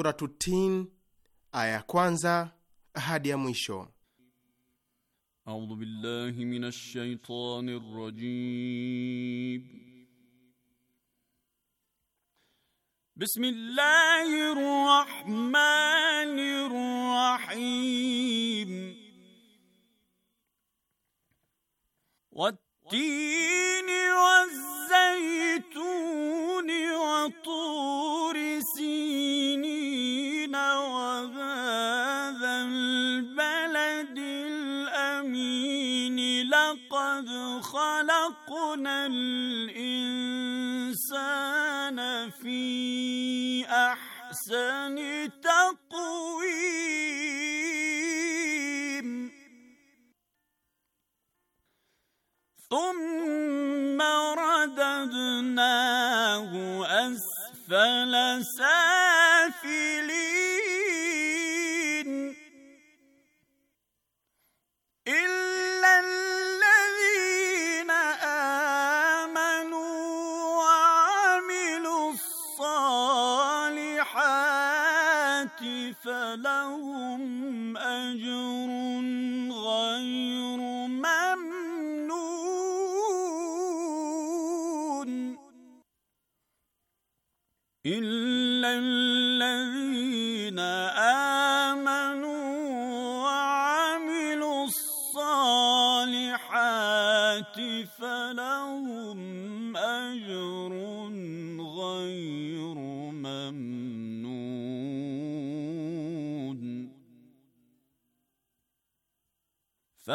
Suratu Tin, aya ya kwanza hadi ya mwisho. Audhu billahi minash shaitani rajim. Bismillahir rahmanir rahim. Wat-tin لقد خلقنا الإنسان في أحسن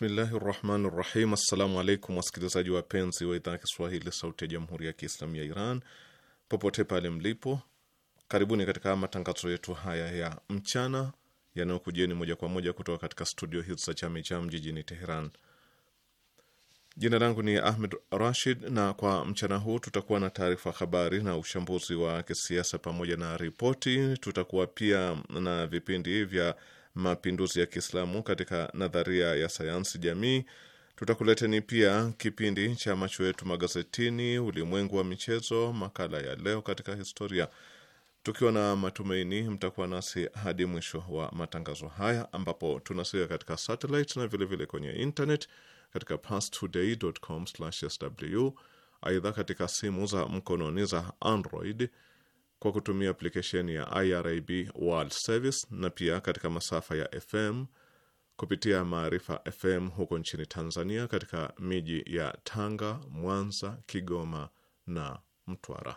Bismillahi rahmani rahim. Assalamu alaikum wasikilizaji wapenzi wa idhaa ya Kiswahili sauti ya jamhuri ya Kiislamu ya Iran popote pale mlipo, karibuni katika matangazo yetu haya ya mchana yanayokujieni moja kwa moja kutoka katika studio hizi za Chamicham jijini Teheran. Jina langu ni Ahmed Rashid, na kwa mchana huu tutakuwa na taarifa habari na uchambuzi wa kisiasa pamoja na ripoti. Tutakuwa pia na vipindi vya mapinduzi ya Kiislamu katika nadharia ya sayansi jamii. Tutakuleteni pia kipindi cha macho yetu magazetini, ulimwengu wa michezo, makala ya leo katika historia, tukiwa na matumaini mtakuwa nasi hadi mwisho wa matangazo haya, ambapo tunasikia katika satellite na vilevile vile kwenye internet katika pastoday.com/sw. Aidha, katika simu za mkononi za Android kwa kutumia aplikesheni ya IRIB World Service na pia katika masafa ya FM kupitia Maarifa FM huko nchini Tanzania katika miji ya Tanga, Mwanza, Kigoma na Mtwara.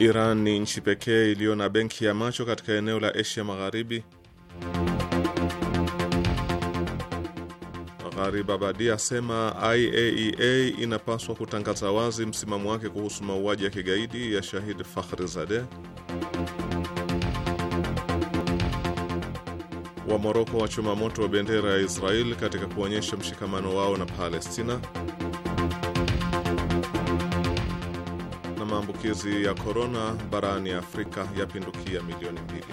Iran ni nchi pekee iliyo na benki ya macho katika eneo la Asia Magharibi. Gharibabadi asema IAEA e inapaswa kutangaza wazi msimamo wake kuhusu mauaji ya kigaidi ya Shahid Fakhrizadeh. Wa Moroko wachoma moto wa bendera ya Israel katika kuonyesha mshikamano wao na Palestina. maambukizi ya korona barani Afrika yapindukia milioni mbili.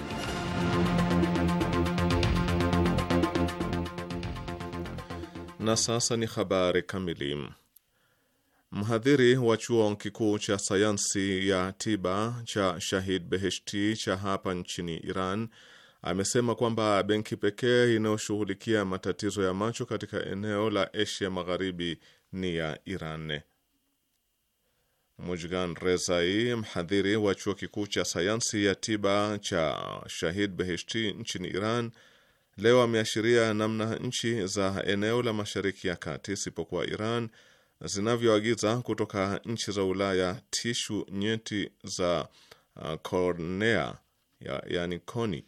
Na sasa ni habari kamili. Mhadhiri wa chuo kikuu cha sayansi ya tiba cha Shahid Beheshti cha hapa nchini Iran amesema kwamba benki pekee inayoshughulikia matatizo ya macho katika eneo la Asia Magharibi ni ya Iran. Mujgan Rezai, mhadhiri wa chuo kikuu cha sayansi ya tiba cha Shahid Beheshti nchini Iran, leo ameashiria namna nchi za eneo la Mashariki ya Kati isipokuwa Iran zinavyoagiza kutoka nchi za Ulaya tishu nyeti za uh, kornea ya, yani koni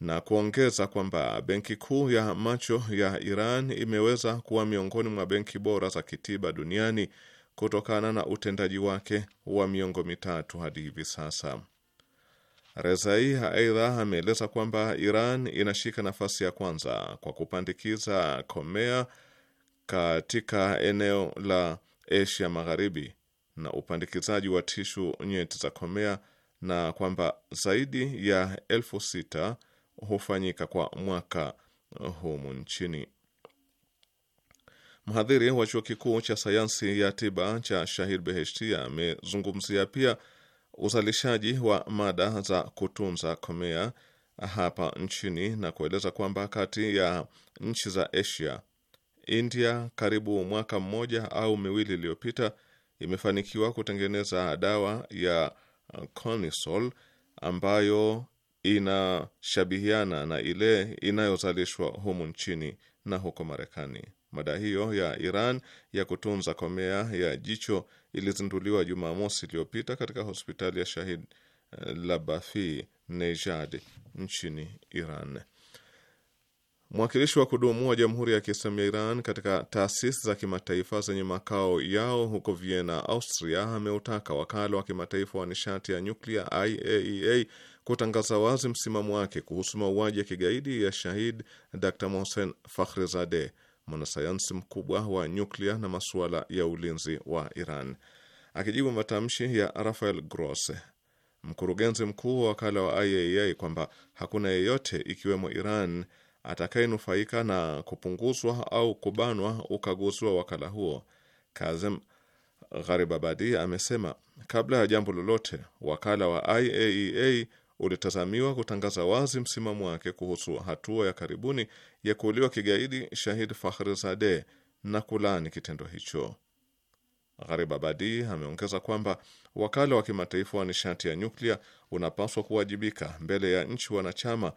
na kuongeza kwamba benki kuu ya macho ya Iran imeweza kuwa miongoni mwa benki bora za kitiba duniani kutokana na utendaji wake wa miongo mitatu hadi hivi sasa. Rezai aidha ameeleza kwamba Iran inashika nafasi ya kwanza kwa kupandikiza komea katika eneo la Asia Magharibi na upandikizaji wa tishu nyeti za komea na kwamba zaidi ya elfu sita hufanyika kwa mwaka humu nchini. Mhadhiri wa chuo kikuu cha sayansi ya tiba cha Shahid Beheshti amezungumzia pia uzalishaji wa mada za kutunza komea hapa nchini na kueleza kwamba kati ya nchi za Asia, India karibu mwaka mmoja au miwili iliyopita imefanikiwa kutengeneza dawa ya Conisol ambayo inashabihiana na ile inayozalishwa humu nchini na huko Marekani. Mada hiyo ya Iran ya kutunza komea ya jicho ilizinduliwa Jumamosi iliyopita katika hospitali ya Shahid eh, Labafi Nejad nchini Iran. Mwakilishi wa kudumu wa Jamhuri ya Kiislamu ya Iran katika taasisi za kimataifa zenye makao yao huko Vienna, Austria, ameutaka wakala wa kimataifa wa nishati ya nyuklia IAEA e kutangaza wazi msimamo wake kuhusu mauaji ya kigaidi ya shahid Dr Mohsen Fakhrizadeh mwanasayansi mkubwa wa nyuklia na masuala ya ulinzi wa Iran. Akijibu matamshi ya Rafael Gross, mkurugenzi mkuu wa wakala wa IAEA kwamba hakuna yeyote ikiwemo Iran atakayenufaika na kupunguzwa au kubanwa ukaguzi wa wakala huo, Kazem Gharibabadi amesema kabla ya jambo lolote, wakala wa IAEA ulitazamiwa kutangaza wazi msimamo wake kuhusu hatua ya karibuni ya kuuliwa kigaidi Shahid zade na kulaani kitendo hicho. Gharibabadi ameongeza kwamba wakala wa kimataifa wa nishati ya nyuklia unapaswa kuwajibika mbele ya nchi wanachama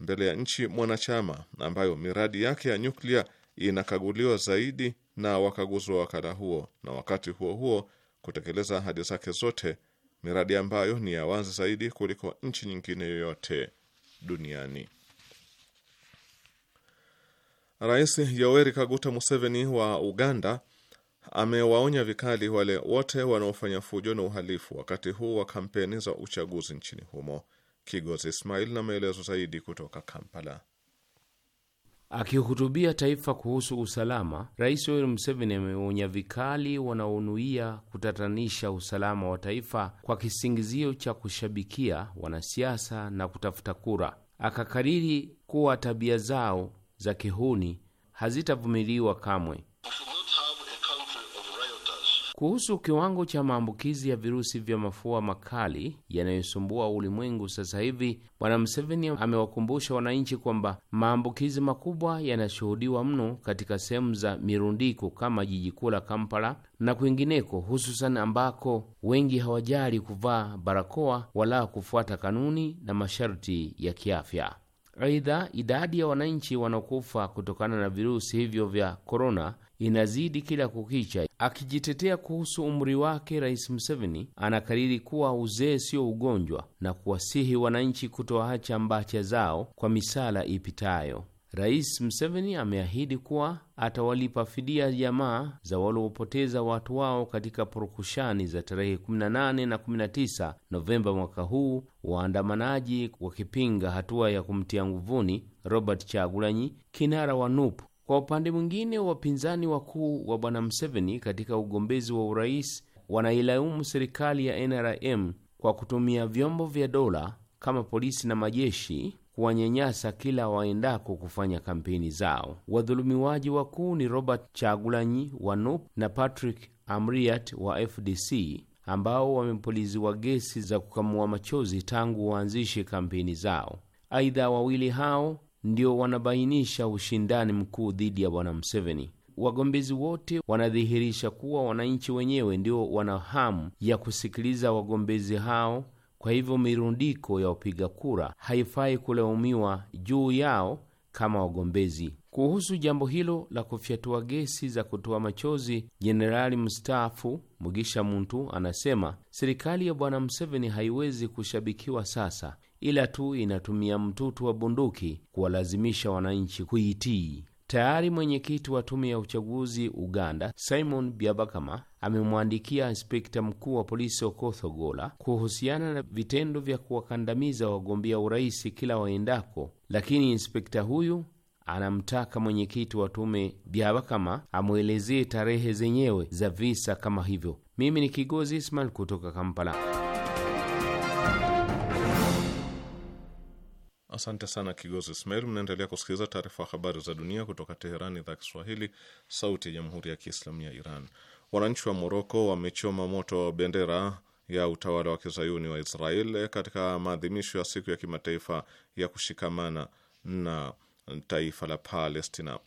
mbele ya nchi mwanachama ambayo miradi yake ya nyuklia inakaguliwa zaidi na wakaguzi wa wakala huo, na wakati huo huo kutekeleza ahadi zake zote miradi ambayo ni ya wazi zaidi kuliko nchi nyingine yoyote duniani. Rais Yoweri Kaguta Museveni wa Uganda amewaonya vikali wale wote wanaofanya fujo na uhalifu wakati huu wa kampeni za uchaguzi nchini humo. Kigozi Ismail na maelezo zaidi kutoka Kampala. Akihutubia taifa kuhusu usalama, Rais Yoweri Museveni ameonya vikali wanaonuia kutatanisha usalama wa taifa kwa kisingizio cha kushabikia wanasiasa na kutafuta kura. Akakariri kuwa tabia zao za kihuni hazitavumiliwa kamwe. Kuhusu kiwango cha maambukizi ya virusi vya mafua makali yanayosumbua ulimwengu sasa hivi, Bwana Mseveni amewakumbusha wananchi kwamba maambukizi makubwa yanashuhudiwa mno katika sehemu za mirundiko kama jiji kuu la Kampala na kwingineko, hususan ambako wengi hawajali kuvaa barakoa wala kufuata kanuni na masharti ya kiafya. Aidha, idadi ya wananchi wanaokufa kutokana na virusi hivyo vya korona inazidi kila kukicha. Akijitetea kuhusu umri wake, Rais Museveni anakariri kuwa uzee sio ugonjwa na kuwasihi wananchi kutoacha mbacha zao kwa misala ipitayo. Rais Museveni ameahidi kuwa atawalipa fidia jamaa za waliopoteza watu wao katika purukushani za tarehe 18 na 19 Novemba mwaka huu, waandamanaji wakipinga hatua ya kumtia nguvuni Robert Chagulanyi, kinara wa NUP kwa upande mwingine, wapinzani wakuu wa bwana mseveni katika ugombezi wa urais wanailaumu serikali ya NRM kwa kutumia vyombo vya dola kama polisi na majeshi kuwanyanyasa kila waendako kufanya kampeni zao. Wadhulumiwaji wakuu ni Robert Chagulanyi wa NUP na Patrick Amriat wa FDC ambao wamepuliziwa gesi za kukamua machozi tangu waanzishe kampeni zao. Aidha, wawili hao ndio wanabainisha ushindani mkuu dhidi ya bwana Museveni. Wagombezi wote wanadhihirisha kuwa wananchi wenyewe ndio wana hamu ya kusikiliza wagombezi hao. Kwa hivyo mirundiko ya wapiga kura haifai kulaumiwa juu yao kama wagombezi. Kuhusu jambo hilo la kufyatua gesi za kutoa machozi, jenerali mstaafu Mugisha Muntu anasema serikali ya bwana Museveni haiwezi kushabikiwa sasa ila tu inatumia mtutu wa bunduki kuwalazimisha wananchi kuitii. Tayari mwenyekiti wa tume ya uchaguzi Uganda, Simon Byabakama, amemwandikia inspekta mkuu wa polisi okothogola kuhusiana na vitendo vya kuwakandamiza wagombea urais kila waendako, lakini inspekta huyu anamtaka mwenyekiti wa tume Byabakama amwelezee tarehe zenyewe za visa kama hivyo. Mimi ni Kigozi Ismail kutoka Kampala. Asante sana Kigozi Ismail. Mnaendelea kusikiliza taarifa ya habari za dunia kutoka Teherani, idhaa Kiswahili, sauti ya jamhuri ya kiislamu ya Iran. Wananchi wa Moroko wamechoma moto bendera ya utawala wa kizayuni wa Israel katika maadhimisho ya siku ya kimataifa ya kushikamana na taifa la Palestina.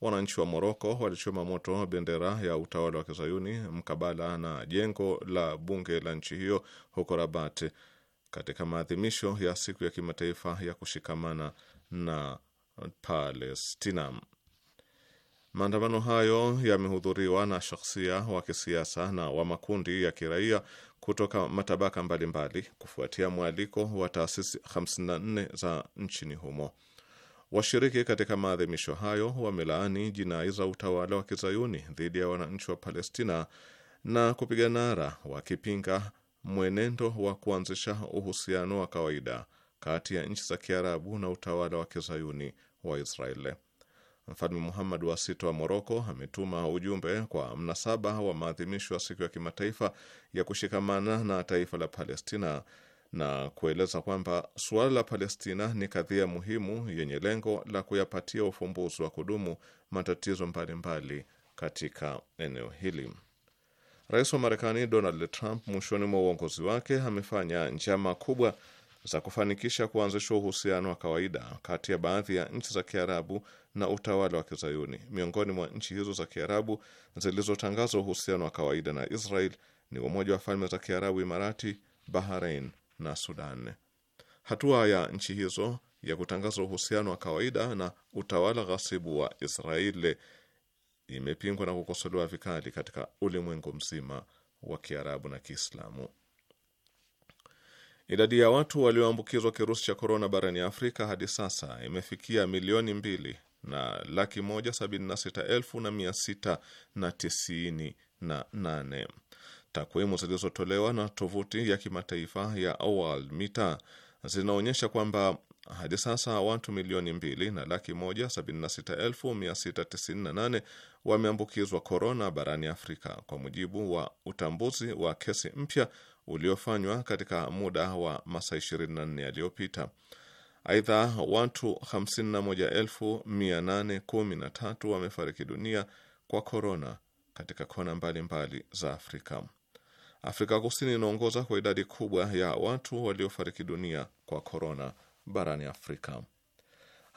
Wananchi wa Moroko walichoma moto bendera ya utawala wa kizayuni mkabala na jengo la bunge la nchi hiyo huko Rabat katika maadhimisho ya siku ya kimataifa ya kushikamana na Palestina. Maandamano hayo yamehudhuriwa na shakhsia wa kisiasa na wa makundi ya kiraia kutoka matabaka mbalimbali mbali, kufuatia mwaliko wa taasisi 54 za nchini humo. Washiriki katika maadhimisho hayo wamelaani jinai za utawala wa kizayuni dhidi ya wananchi wa Palestina na kupiga nara wakipinga mwenendo wa kuanzisha uhusiano wa kawaida kati ya nchi za Kiarabu na utawala wa kizayuni wa Israeli. Mfalme Muhammad wa sita wa Moroko ametuma ujumbe kwa mnasaba wa maadhimisho ya siku ya kimataifa ya kushikamana na taifa la Palestina na kueleza kwamba suala la Palestina ni kadhia muhimu yenye lengo la kuyapatia ufumbuzi wa kudumu matatizo mbalimbali mbali katika eneo hili. Rais wa Marekani Donald Trump mwishoni mwa uongozi wake amefanya njama kubwa za kufanikisha kuanzishwa uhusiano wa kawaida kati ya baadhi ya nchi za Kiarabu na utawala wa Kizayuni. Miongoni mwa nchi hizo za Kiarabu zilizotangaza uhusiano wa kawaida na Israel ni Umoja wa Falme za Kiarabu, Imarati, Bahrain na Sudan. Hatua ya nchi hizo ya kutangaza uhusiano wa kawaida na utawala ghasibu wa Israeli imepingwa na kukosolewa vikali katika ulimwengu mzima wa Kiarabu na Kiislamu. Idadi ya watu walioambukizwa kirusi cha korona barani Afrika hadi sasa imefikia milioni mbili na laki moja sabini na sita elfu na mia sita na tisini na nane. Takwimu zilizotolewa na tovuti ya kimataifa ya World Meter zinaonyesha kwamba hadi sasa watu milioni mbili na laki moja sabini na sita elfu mia sita tisini na nane wameambukizwa korona barani Afrika kwa mujibu wa utambuzi wa kesi mpya uliofanywa katika muda wa masaa 24 yaliyopita. Aidha, watu 51813 wamefariki dunia kwa korona katika kona mbalimbali mbali za Afrika. Afrika Kusini inaongoza kwa idadi kubwa ya watu waliofariki dunia kwa korona barani Afrika.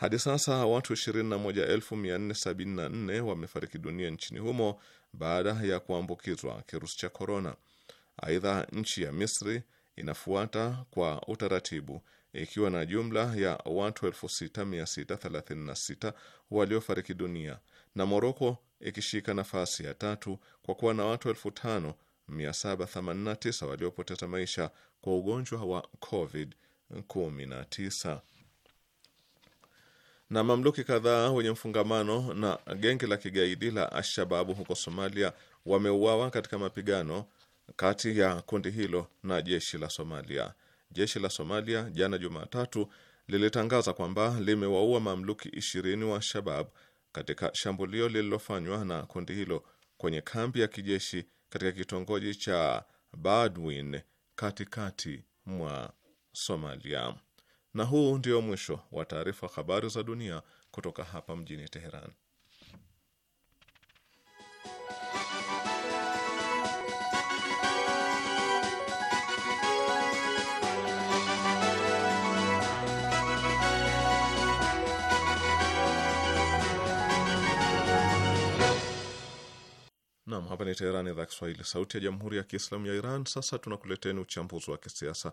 Hadi sasa watu 21474 wamefariki dunia nchini humo baada ya kuambukizwa kirusi cha korona. Aidha, nchi ya Misri inafuata kwa utaratibu ikiwa na jumla ya watu 6636 waliofariki dunia na Moroko ikishika nafasi ya tatu kwa kuwa na watu 5789 waliopoteza maisha kwa ugonjwa wa COVID-19 na mamluki kadhaa wenye mfungamano na genge la kigaidi la Alshababu huko Somalia wameuawa katika mapigano kati ya kundi hilo na jeshi la Somalia. Jeshi la Somalia jana Jumatatu lilitangaza kwamba limewaua mamluki ishirini wa Shabab katika shambulio lililofanywa na kundi hilo kwenye kambi ya kijeshi katika kitongoji cha Badwin katikati mwa Somalia. Na huu ndio mwisho wa taarifa habari za dunia kutoka hapa mjini Teheran. Nam, hapa ni Teherani, idhaa Kiswahili, sauti ya jamhuri ya kiislamu ya Iran. Sasa tunakuleteni uchambuzi wa kisiasa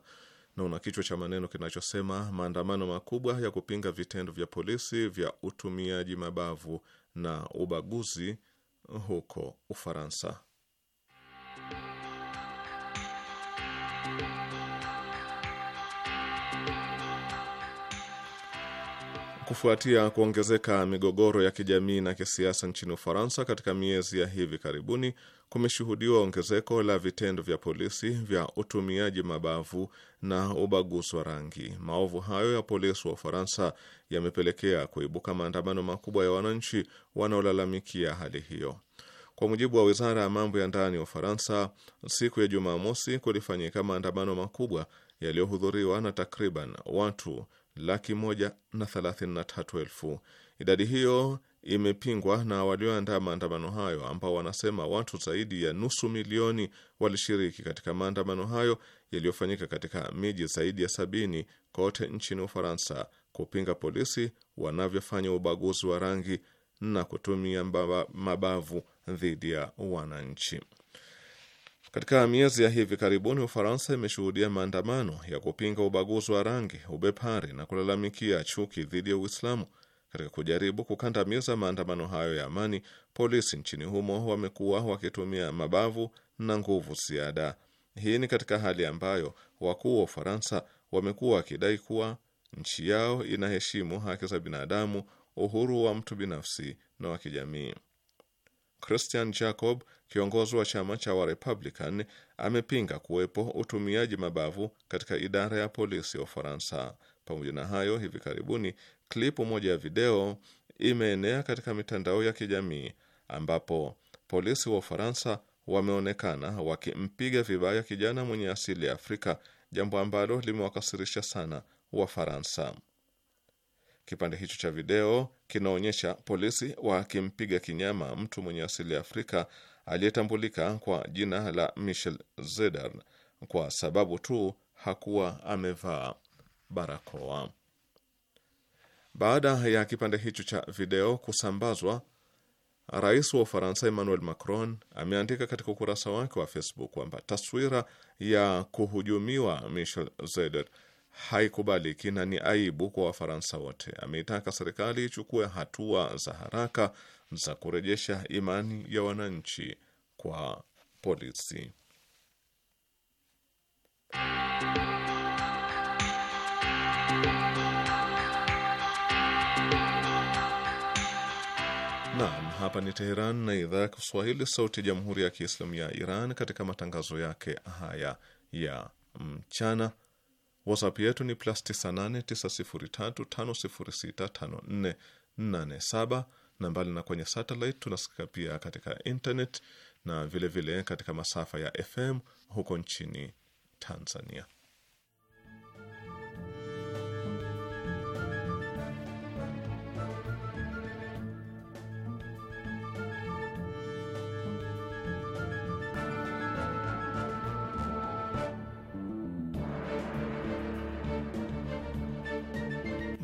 na una kichwa cha maneno kinachosema maandamano makubwa ya kupinga vitendo vya polisi vya utumiaji mabavu na ubaguzi huko Ufaransa. Kufuatia kuongezeka migogoro ya kijamii na kisiasa nchini Ufaransa katika miezi ya hivi karibuni, kumeshuhudiwa ongezeko la vitendo vya polisi vya utumiaji mabavu na ubaguzi wa rangi. Maovu hayo ya polisi wa Ufaransa yamepelekea kuibuka maandamano makubwa ya wananchi wanaolalamikia hali hiyo. Kwa mujibu wa wizara ya mambo ya ndani ya Ufaransa, siku ya Jumamosi kulifanyika maandamano makubwa yaliyohudhuriwa na takriban watu laki moja na thelathini na tatu elfu. Idadi hiyo imepingwa na walioandaa maandamano hayo ambao wanasema watu zaidi ya nusu milioni walishiriki katika maandamano hayo yaliyofanyika katika miji zaidi ya sabini kote nchini Ufaransa kupinga polisi wanavyofanya ubaguzi wa rangi na kutumia mabavu dhidi ya wananchi. Katika miezi ya hivi karibuni Ufaransa imeshuhudia maandamano ya kupinga ubaguzi wa rangi, ubepari na kulalamikia chuki dhidi ya Uislamu katika kujaribu kukandamiza maandamano hayo ya amani, polisi nchini humo wamekuwa wakitumia mabavu na nguvu ziada. Hii ni katika hali ambayo wakuu wa Ufaransa wamekuwa wakidai kuwa nchi yao inaheshimu haki za binadamu, uhuru wa mtu binafsi na wa kijamii. Christian Jacob, kiongozi wa chama cha Warepublican, amepinga kuwepo utumiaji mabavu katika idara ya polisi ya Ufaransa. Pamoja na hayo, hivi karibuni klipu moja ya video imeenea katika mitandao ya kijamii ambapo polisi wa Ufaransa wameonekana wakimpiga vibaya kijana mwenye asili ya Afrika, jambo ambalo limewakasirisha sana Wafaransa. Kipande hicho cha video kinaonyesha polisi wakimpiga kinyama mtu mwenye asili ya Afrika aliyetambulika kwa jina la Michel Zedar kwa sababu tu hakuwa amevaa barakoa. Baada ya kipande hicho cha video kusambazwa, rais wa Ufaransa Emmanuel Macron ameandika katika ukurasa wake wa Facebook kwamba taswira ya kuhujumiwa Michel Zeder haikubaliki na ni aibu kwa Wafaransa wote. Ameitaka serikali ichukue hatua za haraka za kurejesha imani ya wananchi kwa polisi. Naam, hapa ni Teheran na idhaa ya Kiswahili, sauti ya jamhuri ya kiislamu ya Iran. Katika matangazo yake haya ya mchana WhatsApp yetu ni plus 989035065487 na mbali na kwenye satellite tunasikika pia katika internet na vilevile vile katika masafa ya FM huko nchini Tanzania.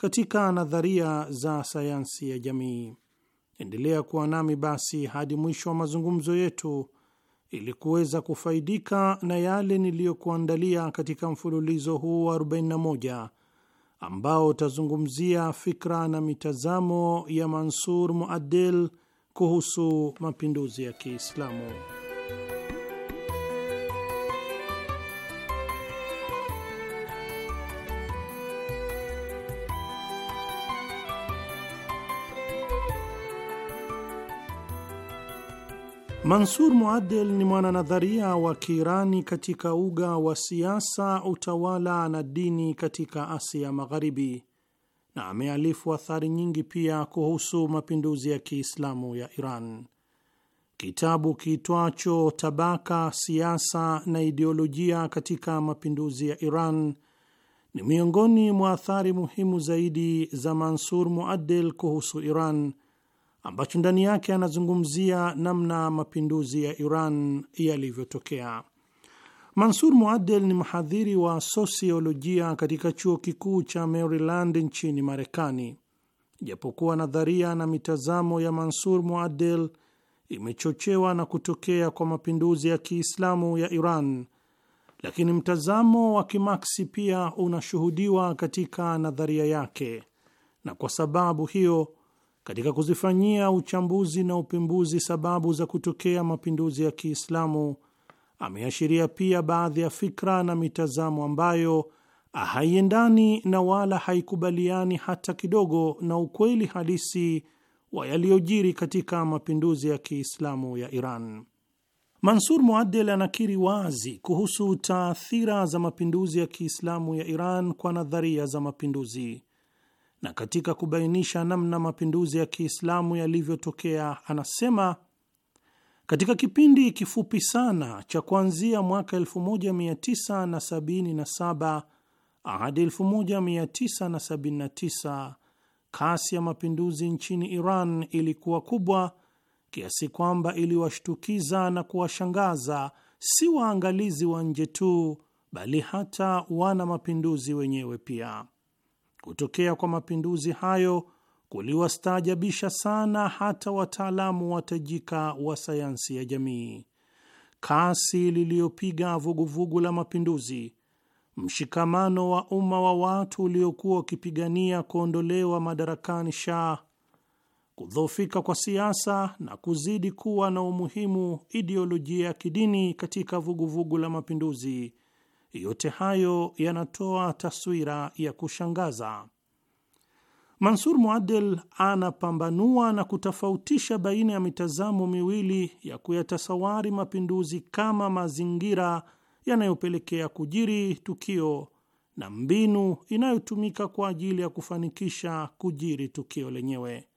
katika nadharia za sayansi ya jamii. Endelea kuwa nami basi hadi mwisho wa mazungumzo yetu ili kuweza kufaidika na yale niliyokuandalia katika mfululizo huu wa 41 ambao utazungumzia fikra na mitazamo ya Mansur Muaddel kuhusu mapinduzi ya Kiislamu. Mansur Muadel ni mwananadharia wa Kiirani katika uga wa siasa, utawala na dini katika Asia Magharibi, na amealifu athari nyingi pia kuhusu mapinduzi ya Kiislamu ya Iran. Kitabu kiitwacho Tabaka, Siasa na Ideolojia katika Mapinduzi ya Iran ni miongoni mwa athari muhimu zaidi za Mansur Muadel kuhusu Iran ambacho ndani yake anazungumzia namna mapinduzi ya Iran yalivyotokea. Mansur Muadel ni mhadhiri wa sosiolojia katika chuo kikuu cha Maryland nchini Marekani. Japokuwa nadharia na mitazamo ya Mansur Muadel imechochewa na kutokea kwa mapinduzi ya Kiislamu ya Iran, lakini mtazamo wa Kimaksi pia unashuhudiwa katika nadharia yake, na kwa sababu hiyo katika kuzifanyia uchambuzi na upembuzi sababu za kutokea mapinduzi ya Kiislamu ameashiria pia baadhi ya fikra na mitazamo ambayo haiendani na wala haikubaliani hata kidogo na ukweli halisi wa yaliyojiri katika mapinduzi ya Kiislamu ya Iran. Mansur Muadel anakiri wazi kuhusu taathira za mapinduzi ya Kiislamu ya Iran kwa nadharia za mapinduzi na katika kubainisha namna mapinduzi ya Kiislamu yalivyotokea anasema, katika kipindi kifupi sana cha kuanzia mwaka 1977 hadi 1979 kasi ya mapinduzi nchini Iran ilikuwa kubwa kiasi kwamba iliwashtukiza na kuwashangaza si waangalizi wa nje tu, bali hata wana mapinduzi wenyewe pia. Kutokea kwa mapinduzi hayo kuliwastaajabisha sana hata wataalamu watajika wa sayansi ya jamii. Kasi liliyopiga vuguvugu la mapinduzi, mshikamano wa umma wa watu uliokuwa wakipigania kuondolewa madarakani Shah, kudhoofika kwa siasa na kuzidi kuwa na umuhimu ideolojia ya kidini katika vuguvugu la mapinduzi yote hayo yanatoa taswira ya kushangaza. Mansur Muadel anapambanua na kutofautisha baina ya mitazamo miwili ya kuyatasawari mapinduzi kama mazingira yanayopelekea kujiri tukio na mbinu inayotumika kwa ajili ya kufanikisha kujiri tukio lenyewe.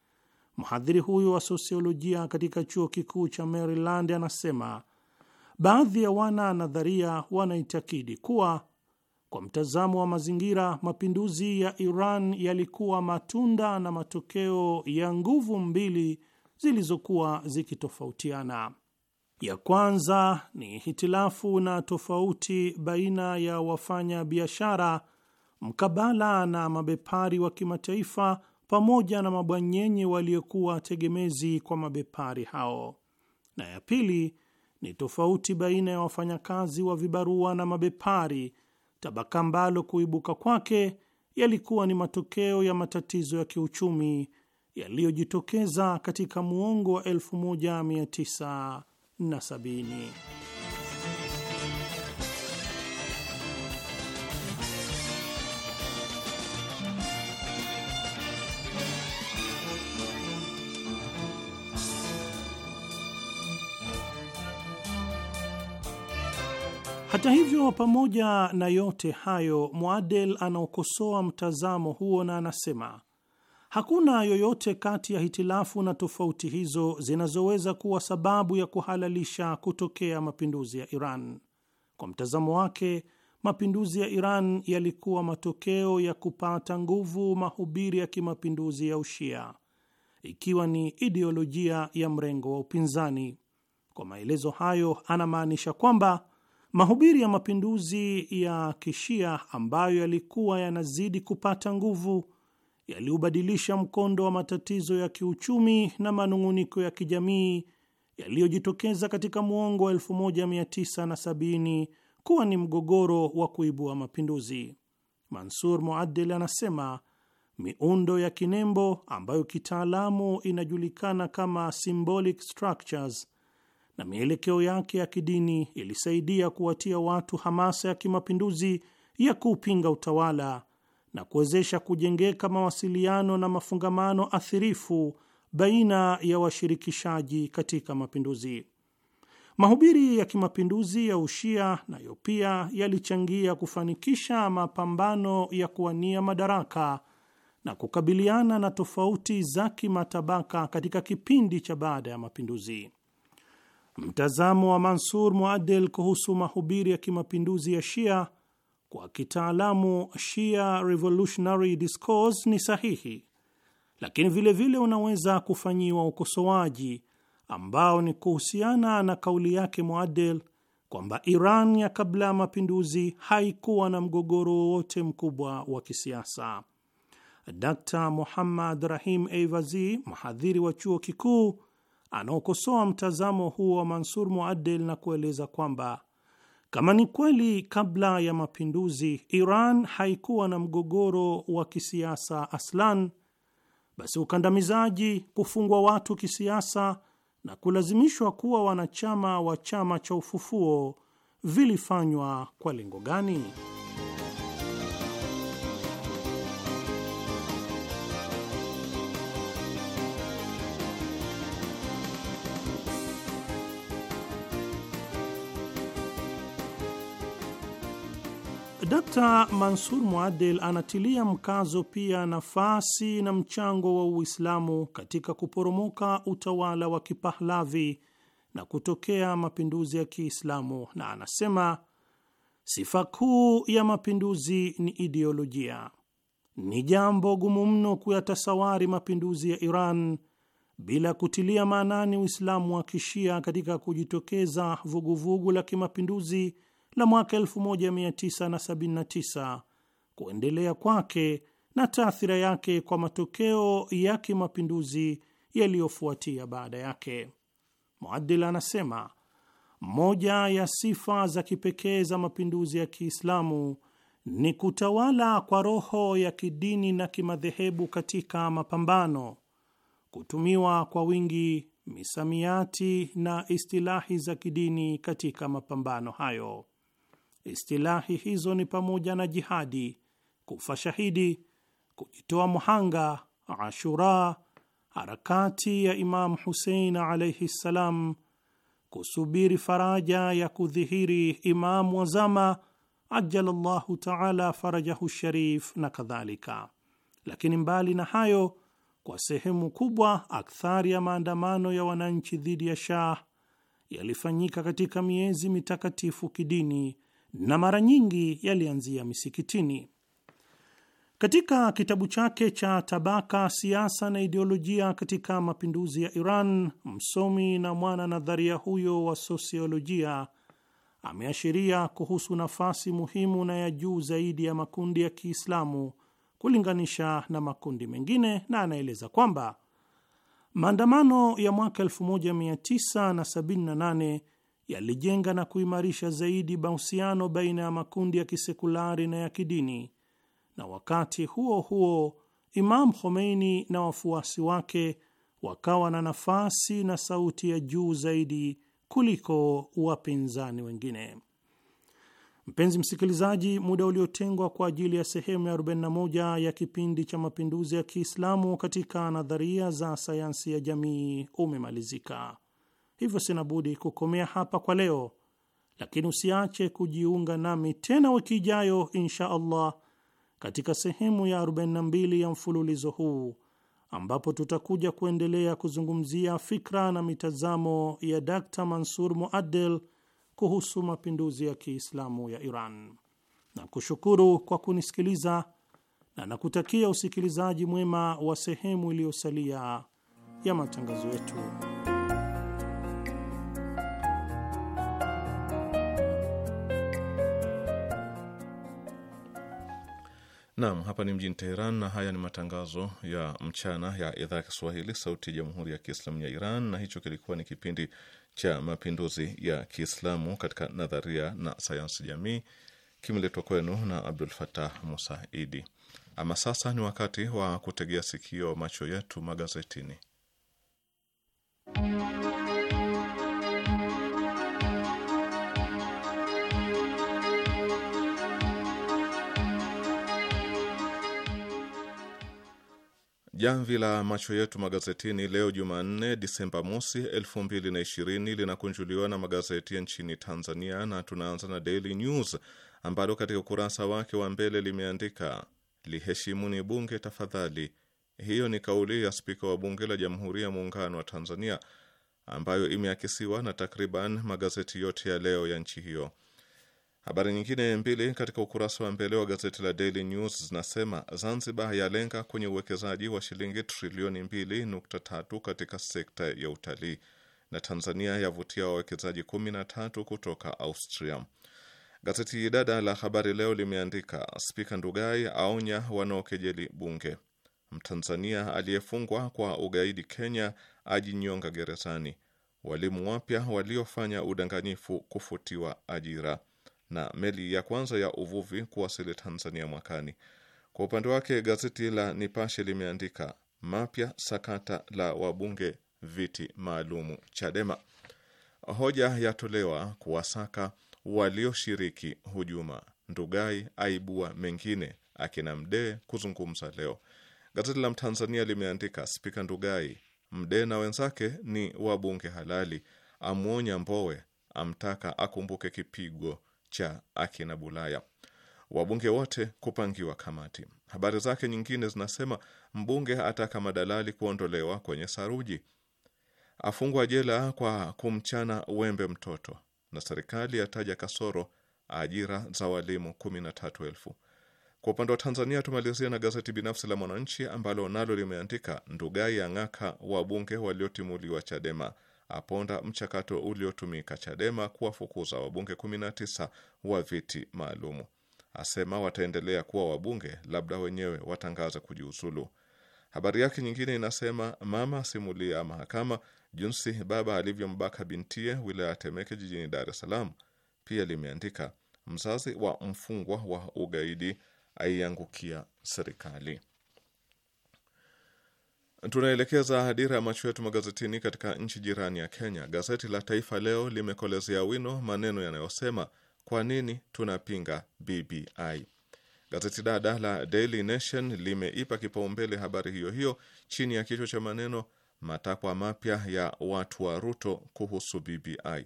Mhadhiri huyu wa sosiolojia katika chuo kikuu cha Maryland anasema Baadhi ya wana nadharia wanaitakidi kuwa kwa mtazamo wa mazingira, mapinduzi ya Iran yalikuwa matunda na matokeo ya nguvu mbili zilizokuwa zikitofautiana. Ya kwanza ni hitilafu na tofauti baina ya wafanya biashara mkabala na mabepari wa kimataifa pamoja na mabwanyenye waliokuwa tegemezi kwa mabepari hao, na ya pili ni tofauti baina ya wafanyakazi wa vibarua na mabepari, tabaka ambalo kuibuka kwake yalikuwa ni matokeo ya matatizo ya kiuchumi yaliyojitokeza katika muongo wa 1970. Hata hivyo, pamoja na yote hayo, mwadel anaokosoa mtazamo huo na anasema hakuna yoyote kati ya hitilafu na tofauti hizo zinazoweza kuwa sababu ya kuhalalisha kutokea mapinduzi ya Iran. Kwa mtazamo wake, mapinduzi ya Iran yalikuwa matokeo ya kupata nguvu mahubiri ya kimapinduzi ya Ushia, ikiwa ni ideolojia ya mrengo wa upinzani. Kwa maelezo hayo, anamaanisha kwamba Mahubiri ya mapinduzi ya Kishia ambayo yalikuwa yanazidi kupata nguvu yaliubadilisha mkondo wa matatizo ya kiuchumi na manung'uniko ya kijamii yaliyojitokeza katika muongo wa 1970 kuwa ni mgogoro wa kuibua mapinduzi. Mansur Muaddel anasema miundo ya kinembo ambayo kitaalamu inajulikana kama symbolic structures na mielekeo yake ya kidini ilisaidia kuwatia watu hamasa ya kimapinduzi ya kuupinga utawala na kuwezesha kujengeka mawasiliano na mafungamano athirifu baina ya washirikishaji katika mapinduzi. Mahubiri ya kimapinduzi ya Ushia nayo pia yalichangia kufanikisha mapambano ya kuwania madaraka na kukabiliana na tofauti za kimatabaka katika kipindi cha baada ya mapinduzi. Mtazamo wa Mansur Muadel kuhusu mahubiri ya kimapinduzi ya Shia, kwa kitaalamu Shia revolutionary discourse, ni sahihi, lakini vilevile vile unaweza kufanyiwa ukosoaji ambao ni kuhusiana na kauli yake Muadel kwamba Iran ya kabla ya mapinduzi haikuwa na mgogoro wowote mkubwa wa kisiasa. Dr Muhammad Rahim Eivazi, mhadhiri wa chuo kikuu anaokosoa mtazamo huo wa Mansur Muadel na kueleza kwamba kama ni kweli kabla ya mapinduzi Iran haikuwa na mgogoro wa kisiasa aslan, basi ukandamizaji, kufungwa watu kisiasa na kulazimishwa kuwa wanachama wa chama cha ufufuo vilifanywa kwa lengo gani? Dkt. Mansur Muadel anatilia mkazo pia nafasi na mchango wa Uislamu katika kuporomoka utawala wa Kipahlavi na kutokea mapinduzi ya Kiislamu, na anasema sifa kuu ya mapinduzi ni ideolojia. Ni jambo gumu mno kuyatasawari mapinduzi ya Iran bila kutilia maanani Uislamu wa Kishia katika kujitokeza vuguvugu vugu la kimapinduzi na mwaka 1979 kuendelea kwake na taathira yake kwa matokeo ya kimapinduzi yaliyofuatia baada yake. Muadil anasema moja ya sifa za kipekee za mapinduzi ya Kiislamu ni kutawala kwa roho ya kidini na kimadhehebu katika mapambano, kutumiwa kwa wingi misamiati na istilahi za kidini katika mapambano hayo. Istilahi hizo ni pamoja na jihadi, kufa shahidi, kujitoa muhanga, Ashura, harakati ya Imamu Husein alaihi ssalam, kusubiri faraja ya kudhihiri Imamu wazama ajalallahu taala farajahu sharif na kadhalika. Lakini mbali na hayo, kwa sehemu kubwa, akthari ya maandamano ya wananchi dhidi ya Shah yalifanyika katika miezi mitakatifu kidini na mara nyingi yalianzia misikitini. Katika kitabu chake cha Tabaka, siasa na ideolojia katika mapinduzi ya Iran, msomi na mwana nadharia huyo wa sosiolojia ameashiria kuhusu nafasi muhimu na ya juu zaidi ya makundi ya Kiislamu kulinganisha na makundi mengine, na anaeleza kwamba maandamano ya mwaka 1978 yalijenga na kuimarisha zaidi mahusiano baina ya makundi ya kisekulari na ya kidini, na wakati huo huo Imam Khomeini na wafuasi wake wakawa na nafasi na sauti ya juu zaidi kuliko wapinzani wengine. Mpenzi msikilizaji, muda uliotengwa kwa ajili ya sehemu ya 41 ya kipindi cha mapinduzi ya Kiislamu katika nadharia za sayansi ya jamii umemalizika hivyo sina budi kukomea hapa kwa leo, lakini usiache kujiunga nami tena wiki ijayo insha Allah katika sehemu ya 42 ya mfululizo huu ambapo tutakuja kuendelea kuzungumzia fikra na mitazamo ya Dr. Mansur Muaddel kuhusu mapinduzi ya Kiislamu ya Iran. Nakushukuru kwa kunisikiliza na nakutakia usikilizaji mwema wa sehemu iliyosalia ya matangazo yetu. Naam, hapa ni mjini Teheran na haya ni matangazo ya mchana ya idhaa ya Kiswahili sauti ya Jamhuri ya Kiislamu ya Iran, na hicho kilikuwa ni kipindi cha mapinduzi ya Kiislamu katika nadharia na sayansi jamii, kimeletwa kwenu na Abdul Fatah Musaidi. Ama sasa ni wakati wa kutegea sikio, macho yetu magazetini Jamvi la macho yetu magazetini leo Jumanne, Disemba mosi 2020 linakunjuliwa na magazeti ya nchini Tanzania, na tunaanza na Daily News ambalo katika ukurasa wake wa mbele limeandika liheshimuni bunge tafadhali. Hiyo ni kauli ya spika wa bunge la Jamhuri ya Muungano wa Tanzania ambayo imeakisiwa na takriban magazeti yote ya leo ya nchi hiyo. Habari nyingine mbili katika ukurasa wa mbele wa gazeti la Daily News zinasema Zanzibar yalenga kwenye uwekezaji wa shilingi trilioni mbili nukta tatu katika sekta ya utalii na Tanzania yavutia wawekezaji kumi na tatu kutoka Austria. Gazeti dada la Habari Leo limeandika Spika Ndugai aonya wanaokejeli bunge, Mtanzania aliyefungwa kwa ugaidi Kenya ajinyonga gerezani, walimu wapya waliofanya udanganyifu kufutiwa ajira na meli ya kwanza ya uvuvi kuwasili Tanzania mwakani. Kwa upande wake gazeti la Nipashe limeandika mapya sakata la wabunge viti maalumu Chadema, hoja yatolewa kuwasaka walioshiriki hujuma, Ndugai aibua mengine, akina Mdee kuzungumza leo. Gazeti la Mtanzania limeandika spika Ndugai, Mdee na wenzake ni wabunge halali, amwonya Mbowe, amtaka akumbuke kipigo cha akina Bulaya, wabunge wote kupangiwa kamati. Habari zake nyingine zinasema mbunge ataka madalali kuondolewa kwenye saruji, afungwa jela kwa kumchana wembe mtoto, na serikali yataja kasoro ajira za walimu 13,000. Kwa upande wa Tanzania tumalizia na gazeti binafsi la Mwananchi ambalo nalo limeandika Ndugai ang'aka wabunge waliotimuliwa Chadema aponda mchakato uliotumika Chadema kuwafukuza wabunge 19 wa viti maalumu. Asema wataendelea kuwa wabunge, labda wenyewe watangaze kujiuzulu. Habari yake nyingine inasema mama simulia mahakama jinsi baba alivyombaka bintie wilaya ya Temeke jijini Dar es Salaam. Pia limeandika mzazi wa mfungwa wa ugaidi aiangukia serikali. Tunaelekeza dira ya macho yetu magazetini katika nchi jirani ya Kenya. Gazeti la Taifa Leo limekolezea wino maneno yanayosema kwa nini tunapinga BBI. Gazeti dada la Daily Nation limeipa kipaumbele habari hiyo hiyo chini ya kichwa cha maneno matakwa mapya ya watu wa Ruto kuhusu BBI.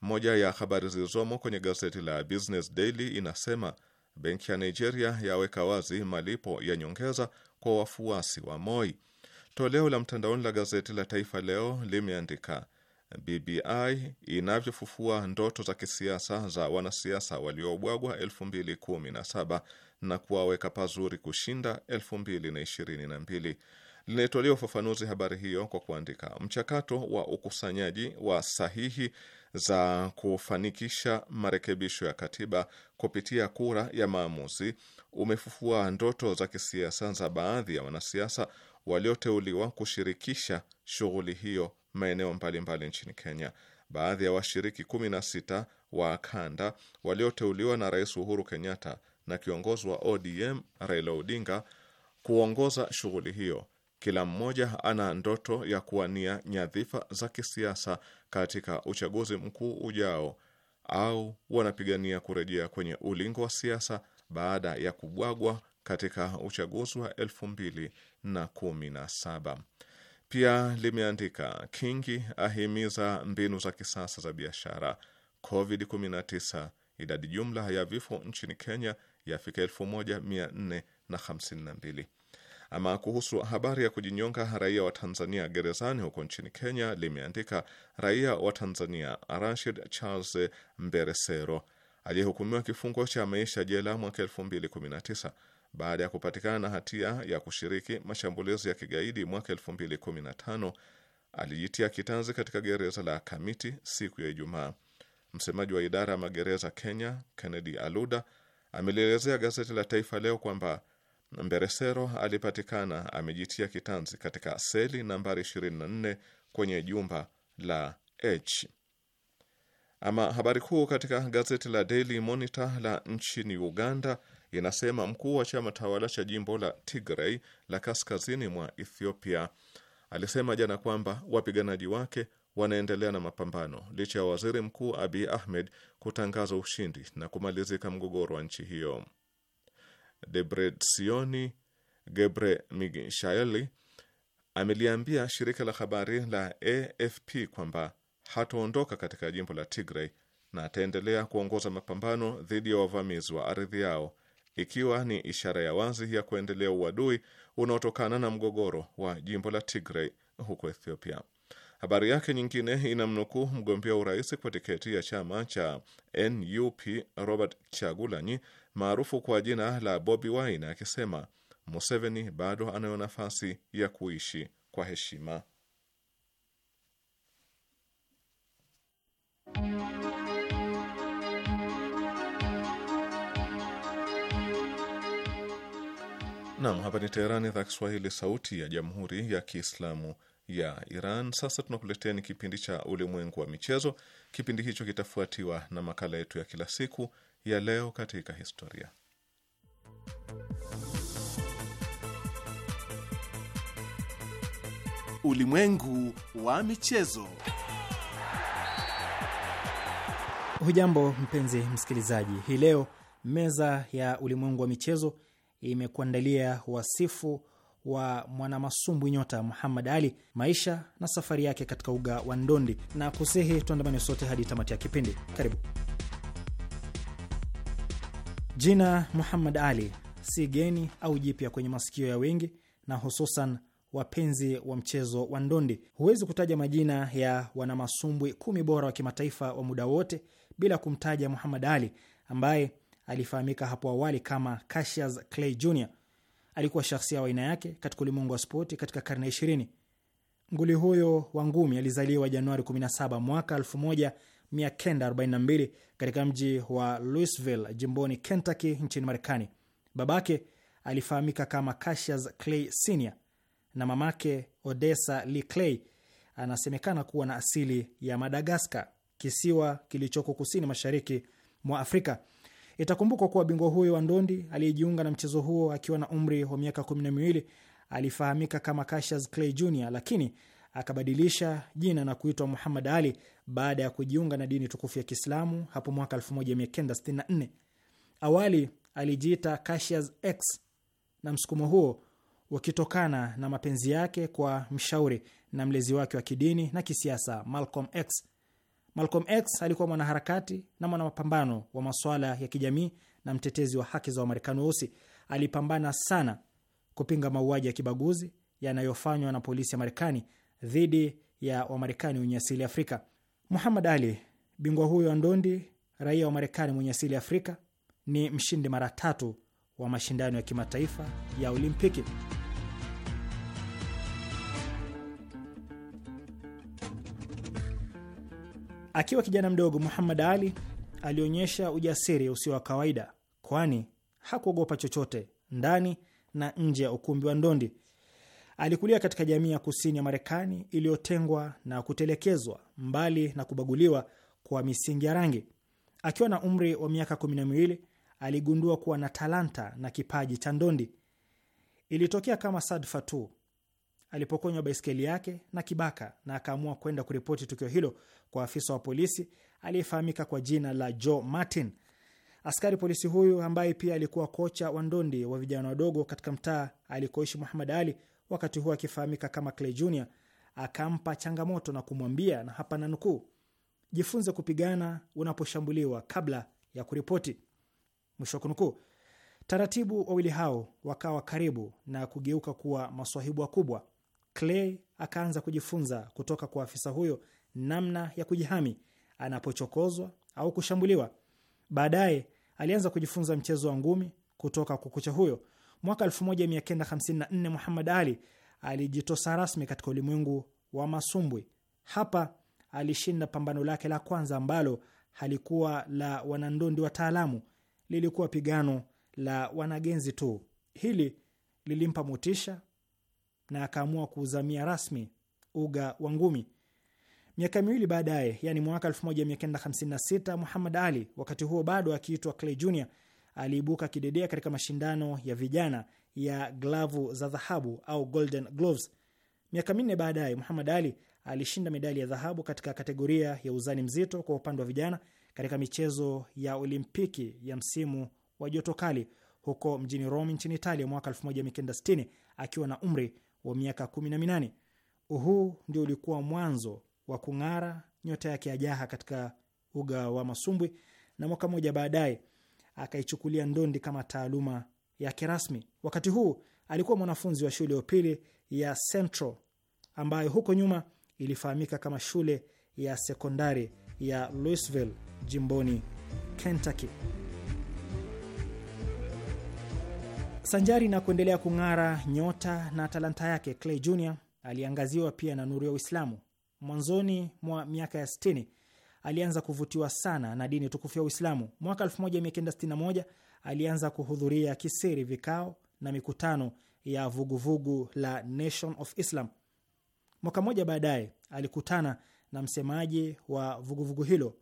Moja ya habari zilizomo kwenye gazeti la Business Daily inasema benki ya Nigeria yaweka wazi malipo ya nyongeza kwa wafuasi wa Moi. Toleo la mtandaoni la gazeti la Taifa Leo limeandika BBI inavyofufua ndoto za kisiasa za wanasiasa waliobwagwa 2017 na kuwaweka pazuri kushinda 2022. linaetolea ufafanuzi habari hiyo kwa kuandika mchakato wa ukusanyaji wa sahihi za kufanikisha marekebisho ya katiba kupitia kura ya maamuzi umefufua ndoto za kisiasa za baadhi ya wanasiasa walioteuliwa kushirikisha shughuli hiyo maeneo mbalimbali nchini Kenya. Baadhi ya washiriki kumi na sita wa kanda walioteuliwa na Rais Uhuru Kenyatta na kiongozi wa ODM Raila Odinga kuongoza shughuli hiyo. Kila mmoja ana ndoto ya kuwania nyadhifa za kisiasa katika uchaguzi mkuu ujao, au wanapigania kurejea kwenye ulingo wa siasa baada ya kubwagwa katika uchaguzi wa elfu mbili na kumi na saba. Pia limeandika Kingi ahimiza mbinu za kisasa za biashara. COVID-19 idadi jumla ya vifo nchini Kenya yafika 1452. Ama kuhusu habari ya kujinyonga raia wa Tanzania gerezani huko nchini Kenya, limeandika raia wa Tanzania Rashid Charles Mberesero aliyehukumiwa kifungo cha maisha jela mwaka 2019 baada ya kupatikana na hatia ya kushiriki mashambulizi ya kigaidi mwaka 2015 alijitia kitanzi katika gereza la Kamiti siku ya Ijumaa. Msemaji wa idara ya magereza Kenya, Kennedy Aluda, amelielezea gazeti la Taifa Leo kwamba Mberesero alipatikana amejitia kitanzi katika seli nambari 24 kwenye jumba la H. Ama habari kuu katika gazeti la Daily Monitor la nchini Uganda inasema mkuu wa chama tawala cha jimbo la Tigray la kaskazini mwa Ethiopia alisema jana kwamba wapiganaji wake wanaendelea na mapambano licha ya waziri mkuu Abiy Ahmed kutangaza ushindi na kumalizika mgogoro wa nchi hiyo. Debretsioni Gebre Migshaeli ameliambia shirika la habari la AFP kwamba hataondoka katika jimbo la Tigray na ataendelea kuongoza mapambano dhidi ya wavamizi wa ardhi yao ikiwa ni ishara ya wazi ya kuendelea uadui unaotokana na mgogoro wa jimbo la Tigray huko Ethiopia. Habari yake nyingine inamnukuu mgombea urais kwa tiketi ya chama cha NUP Robert Chagulanyi maarufu kwa jina la Bobi Wine akisema Museveni bado anayo nafasi ya kuishi kwa heshima. Naam, hapa ni Teherani, idhaa Kiswahili, sauti ya jamhuri ya kiislamu ya Iran. Sasa tunakuletea ni kipindi cha ulimwengu wa michezo. Kipindi hicho kitafuatiwa na makala yetu ya kila siku ya leo katika historia. Ulimwengu wa michezo. Hujambo mpenzi msikilizaji, hii leo meza ya ulimwengu wa michezo imekuandalia wasifu wa mwanamasumbwi nyota Muhammad Ali, maisha na safari yake katika uga wa ndondi, na kusihi tuandamane sote hadi tamati ya kipindi. Karibu. Jina Muhammad Ali si geni au jipya kwenye masikio ya wengi na hususan wapenzi wa mchezo wa ndondi. Huwezi kutaja majina ya wanamasumbwi kumi bora wa kimataifa wa muda wote bila kumtaja Muhammad Ali ambaye alifahamika hapo awali kama Cassius Clay Jr. Alikuwa shahsia wa aina yake katika ulimwengu wa spoti katika karne ya 20. Nguli huyo wa ngumi alizaliwa Januari 17 mwaka 1942 katika mji wa Louisville, jimboni Kentucky, nchini Marekani. Babake alifahamika kama Cassius Clay Sr. na mamake Odessa Lee Clay anasemekana kuwa na asili ya Madagaskar, kisiwa kilichoko kusini mashariki mwa Afrika. Itakumbukwa kuwa bingwa huyo wa ndondi aliyejiunga na mchezo huo akiwa na umri wa miaka kumi na miwili alifahamika kama Cassius Clay Jr, lakini akabadilisha jina na kuitwa Muhammad Ali baada ya kujiunga na dini tukufu ya Kiislamu hapo mwaka 1964. Awali alijiita Cassius X, na msukumo huo ukitokana na mapenzi yake kwa mshauri na mlezi wake wa kidini na kisiasa Malcolm X. Malcolm X alikuwa mwanaharakati na mwanamapambano wa masuala ya kijamii na mtetezi wa haki za Wamarekani weusi. Alipambana sana kupinga mauaji ya kibaguzi yanayofanywa na polisi ya Marekani dhidi ya Wamarekani wenye asili Afrika. Muhammad Ali, bingwa huyo wa ndondi, raia wa Marekani mwenye asili Afrika, ni mshindi mara tatu wa mashindano ya kimataifa ya Olimpiki. Akiwa kijana mdogo, Muhammad Ali alionyesha ujasiri usio wa kawaida, kwani hakuogopa chochote ndani na nje ya ukumbi wa ndondi. Alikulia katika jamii ya kusini ya Marekani iliyotengwa na kutelekezwa mbali na kubaguliwa kwa misingi ya rangi. Akiwa na umri wa miaka kumi na miwili aligundua kuwa na talanta na kipaji cha ndondi. Ilitokea kama sadfa tu alipokonywa baiskeli yake na kibaka na akaamua kwenda kuripoti tukio hilo kwa afisa wa polisi aliyefahamika kwa jina la Joe Martin. Askari polisi huyu ambaye pia alikuwa kocha wa ndondi wa vijana wadogo katika mtaa alikoishi Muhammad Ali, wakati huo akifahamika kama Clay Jr, akampa changamoto na kumwambia, na hapa na nukuu, jifunze kupigana unaposhambuliwa kabla ya kuripoti, mwisho wa kunukuu. Taratibu wawili hao wakawa karibu na kugeuka kuwa maswahibu wakubwa. Clay akaanza kujifunza kutoka kwa afisa huyo namna ya kujihami anapochokozwa au kushambuliwa. Baadaye alianza kujifunza mchezo wa ngumi kutoka kwa kocha huyo. Mwaka 1954 Muhammad Ali alijitosa rasmi katika ulimwengu wa masumbwi. Hapa alishinda pambano lake la kwanza ambalo halikuwa la wanandondi wataalamu, lilikuwa pigano la wanagenzi tu. Hili lilimpa motisha na akaamua kuuzamia rasmi uga wa ngumi. Miaka miwili baadaye, yani mwaka 1956, Muhammad Ali, wakati huo bado akiitwa Clay Jr, aliibuka kidedea katika mashindano ya vijana ya glavu za dhahabu au golden gloves. Miaka minne baadaye, Muhammad Ali alishinda medali ya dhahabu katika kategoria ya uzani mzito kwa upande wa vijana katika michezo ya Olimpiki ya msimu wa joto kali huko mjini Rome nchini Italia mwaka 1960 akiwa na umri wa miaka minane. Huu ndio ulikuwa mwanzo wa kung'ara nyota yake ya Jaha katika uga wa masumbwi, na mwaka mmoja baadaye akaichukulia ndondi kama taaluma yake rasmi. Wakati huu alikuwa mwanafunzi wa shule ya upili ya Central ambayo huko nyuma ilifahamika kama shule ya sekondari ya Louisville jimboni Kentucky. Sanjari na kuendelea kung'ara nyota na talanta yake, Clay Jr aliangaziwa pia na nuru ya Uislamu. Mwanzoni mwa miaka ya 60 alianza kuvutiwa sana na dini tukufu ya Uislamu. Mwaka 1961 alianza kuhudhuria kisiri vikao na mikutano ya vuguvugu vugu la Nation of Islam. Mwaka mmoja baadaye alikutana na msemaji wa vuguvugu vugu hilo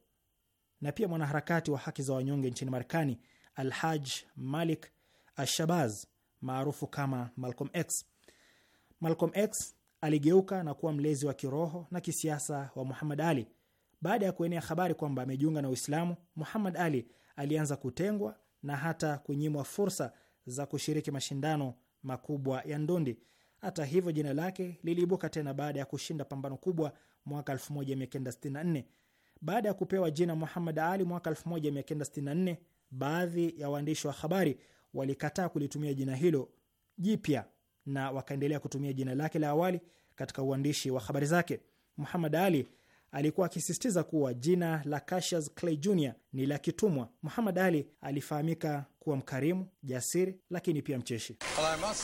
na pia mwanaharakati wa haki za wanyonge nchini Marekani, Alhaj Malik Ashabaz maarufu kama Malcolm X. Malcolm X aligeuka na kuwa mlezi wa kiroho na kisiasa wa Muhammad Ali. Baada ya kuenea habari kwamba amejiunga na Uislamu, Muhammad Ali alianza kutengwa na hata kunyimwa fursa za kushiriki mashindano makubwa ya ndondi. Hata hivyo, jina lake liliibuka tena baada ya kushinda pambano kubwa mwaka 1964. Baada ya kupewa jina Muhammad Ali mwaka 1964, baadhi ya waandishi wa habari walikataa kulitumia jina hilo jipya na wakaendelea kutumia jina lake la awali katika uandishi wa habari zake. Muhammad Ali alikuwa akisisitiza kuwa jina la Cassius Clay Jr ni la kitumwa. Muhammad Ali alifahamika kuwa mkarimu, jasiri, lakini pia mcheshi. Well,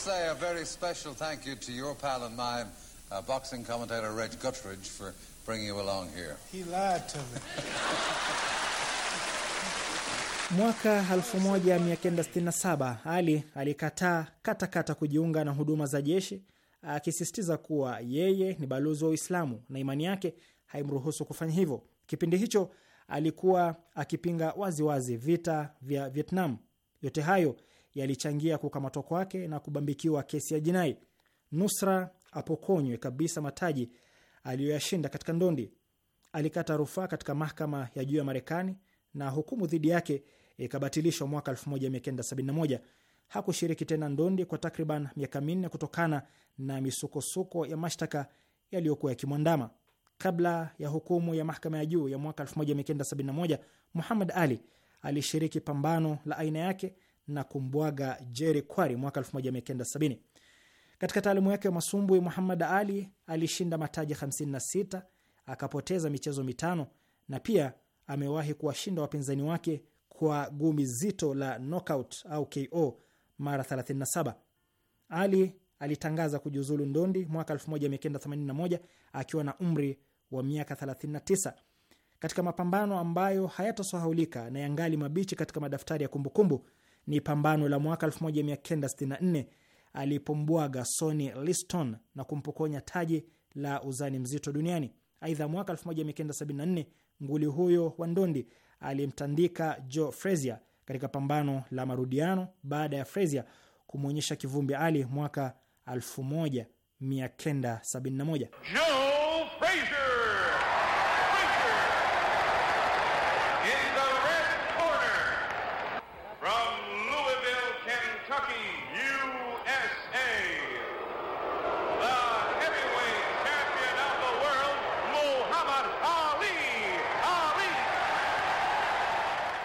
Mwaka 1967 Ali alikataa katakata kujiunga na huduma za jeshi, akisisitiza kuwa yeye ni balozi wa Uislamu na imani yake haimruhusu kufanya hivyo. Kipindi hicho alikuwa akipinga waziwazi wazi vita vya Vietnam. Yote hayo yalichangia kukamatwa kwake na kubambikiwa kesi ya jinai. Nusra apokonywe kabisa mataji aliyoyashinda katika ndondi. Alikata rufaa katika mahakama ya juu ya Marekani na hukumu dhidi yake ikabatilishwa mwaka 1971. Hakushiriki tena ndondi kwa takriban miaka minne kutokana na misukosuko ya mashtaka yaliyokuwa yakimwandama. Kabla ya hukumu ya mahakama ya juu ya mwaka 1971, Muhammad Ali alishiriki pambano la aina yake na kumbwaga Jerry Quarry mwaka 1970. Katika taalimu yake ya masumbwi, Muhammad Ali alishinda mataji 56, akapoteza michezo mitano na pia amewahi kuwashinda wapinzani wake kwa gumi zito la knockout au KO mara 37. Ali alitangaza kujiuzulu ndondi mwaka 1981 akiwa na umri wa miaka 39 katika mapambano ambayo hayatasahaulika na yangali mabichi katika madaftari ya kumbukumbu kumbu, ni pambano la mwaka 1964 alipombwaga Sonny Liston na kumpokonya taji la uzani mzito duniani. Aidha, mwaka 1974 nguli huyo wa ndondi aliyemtandika Joe Frazier katika pambano la marudiano baada ya Frazier kumwonyesha kivumbi Ali mwaka 1971. Kentucky.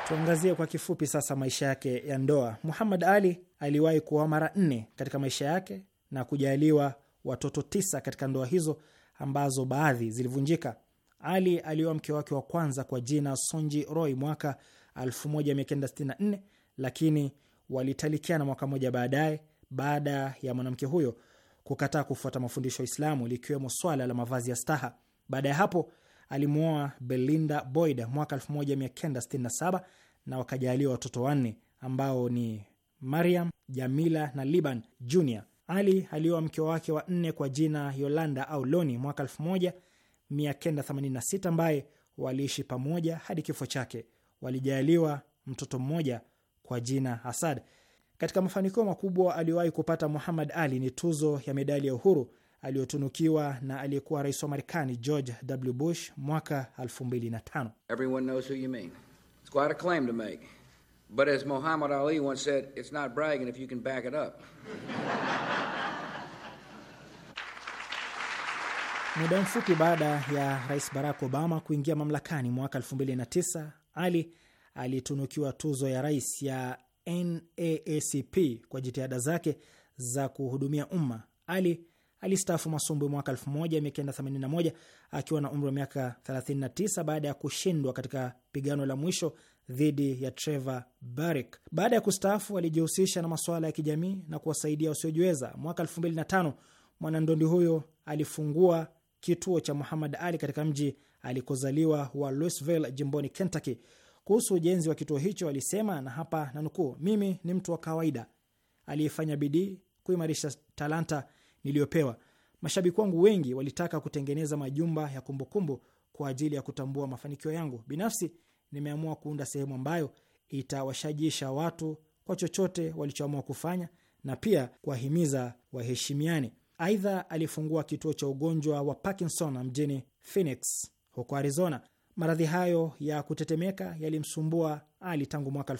Tuangazie kwa kifupi sasa maisha yake ya ndoa. Muhammad Ali aliwahi kuoa mara nne katika maisha yake na kujaliwa watoto tisa katika ndoa hizo ambazo baadhi zilivunjika. Ali alioa mke wake wa kwanza kwa jina Sonji Roy mwaka 1964 lakini walitalikiana mwaka mmoja baadaye baada ya mwanamke huyo kukataa kufuata mafundisho ya Islamu likiwemo swala la mavazi ya staha. Baada ya hapo alimwoa Belinda Boyd mwaka 1967 na wakajaliwa watoto wanne ambao ni Mariam, Jamila na Liban Jr. Ali alioa mke wake wa nne kwa jina Yolanda au Loni mwaka 1986 ambaye waliishi pamoja hadi kifo chake. Walijaliwa mtoto mmoja kwa jina Asad. Katika mafanikio makubwa aliyowahi kupata Muhammad Ali ni tuzo ya medali ya uhuru aliyotunukiwa na aliyekuwa rais wa Marekani George W. Bush mwaka 2005. But as Muhammad Ali once said, it's not bragging if you can back it up. Muda mfupi baada ya Rais Barack Obama kuingia mamlakani mwaka 2009, Ali alitunukiwa tuzo ya rais ya NAACP kwa jitihada zake za kuhudumia umma. Ali alistaafu masumbwi mwaka 1981 akiwa na umri wa miaka 39 baada ya kushindwa katika pigano la mwisho dhidi ya Trevor Barrick. Baada ya kustaafu, alijihusisha na masuala ya kijamii na kuwasaidia wasiojiweza. Mwaka 2005 mwanandondi huyo alifungua kituo cha Muhammad Ali katika mji alikozaliwa wa Louisville, jimboni Kentucky. Kuhusu ujenzi wa kituo hicho alisema, na hapa nanukuu, mimi ni mtu wa kawaida aliyefanya bidii kuimarisha talanta niliyopewa. Mashabiki wangu wengi walitaka kutengeneza majumba ya kumbukumbu kwa ajili ya kutambua mafanikio yangu. Binafsi nimeamua kuunda sehemu ambayo itawashajisha watu kwa chochote walichoamua kufanya na pia kuwahimiza waheshimiane. Aidha, alifungua kituo cha ugonjwa wa Parkinson mjini Phoenix huko Arizona. Maradhi hayo ya kutetemeka yalimsumbua Ali tangu mwaka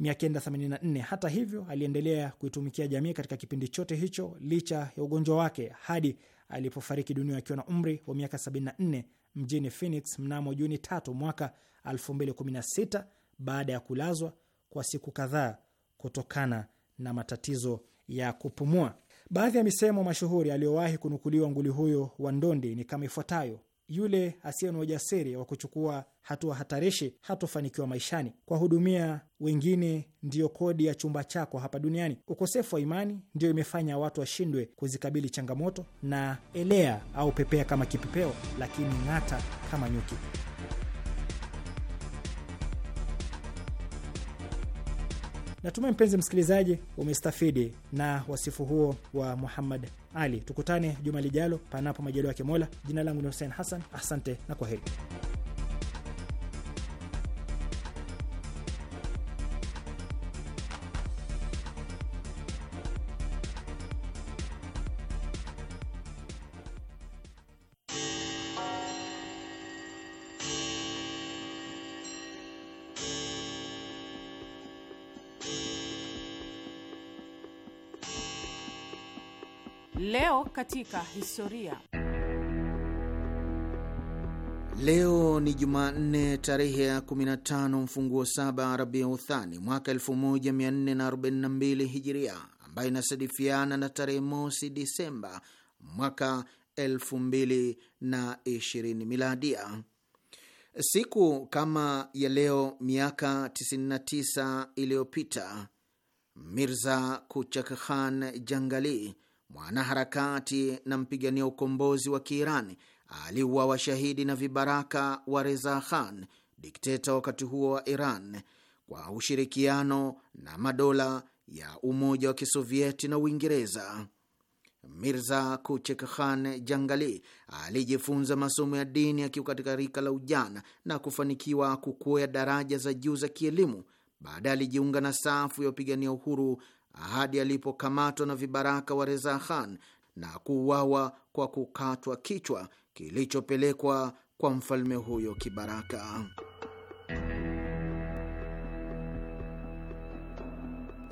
984. Hata hivyo, aliendelea kuitumikia jamii katika kipindi chote hicho licha ya ugonjwa wake hadi alipofariki dunia akiwa na umri wa miaka 74 mjini Phoenix mnamo Juni 3 mwaka 2016 baada ya kulazwa kwa siku kadhaa kutokana na matatizo ya kupumua. Baadhi ya misemo mashuhuri aliyowahi kunukuliwa nguli huyo wa ndondi ni kama ifuatayo: yule asiye na ujasiri wa kuchukua hatua hatarishi hatofanikiwa maishani. Kuwahudumia wengine ndiyo kodi ya chumba chako hapa duniani. Ukosefu wa imani ndiyo imefanya watu washindwe kuzikabili changamoto, na elea au pepea kama kipepeo, lakini ng'ata kama nyuki. Natumai mpenzi msikilizaji umestafidi na wasifu huo wa Muhammad Ali. Tukutane juma lijalo, panapo majaliwa ya Mola. Jina langu ni Hussein Hassan, asante na kwa heri. Leo katika historia. Leo ni Jumanne tarehe ya 15 mfunguo saba Rabiu uthani mwaka 1442 Hijiria, ambayo inasadifiana na tarehe mosi Disemba mwaka 2020 Miladia. Siku kama ya leo miaka 99 iliyopita Mirza Kuchak Khan Jangali, mwanaharakati na mpigania ukombozi wa Kiirani, aliuwa washahidi na vibaraka wa Reza Khan, dikteta wakati huo wa Iran, kwa ushirikiano na madola ya Umoja wa Kisovieti na Uingereza. Mirza Kuchek Khan Jangali alijifunza masomo ya dini akiwa katika rika la ujana na kufanikiwa kukwea daraja za juu za kielimu. Baadaye alijiunga na safu ya wapigania uhuru hadi alipokamatwa na vibaraka wa Reza Khan na kuuawa kwa kukatwa kichwa kilichopelekwa kwa mfalme huyo kibaraka.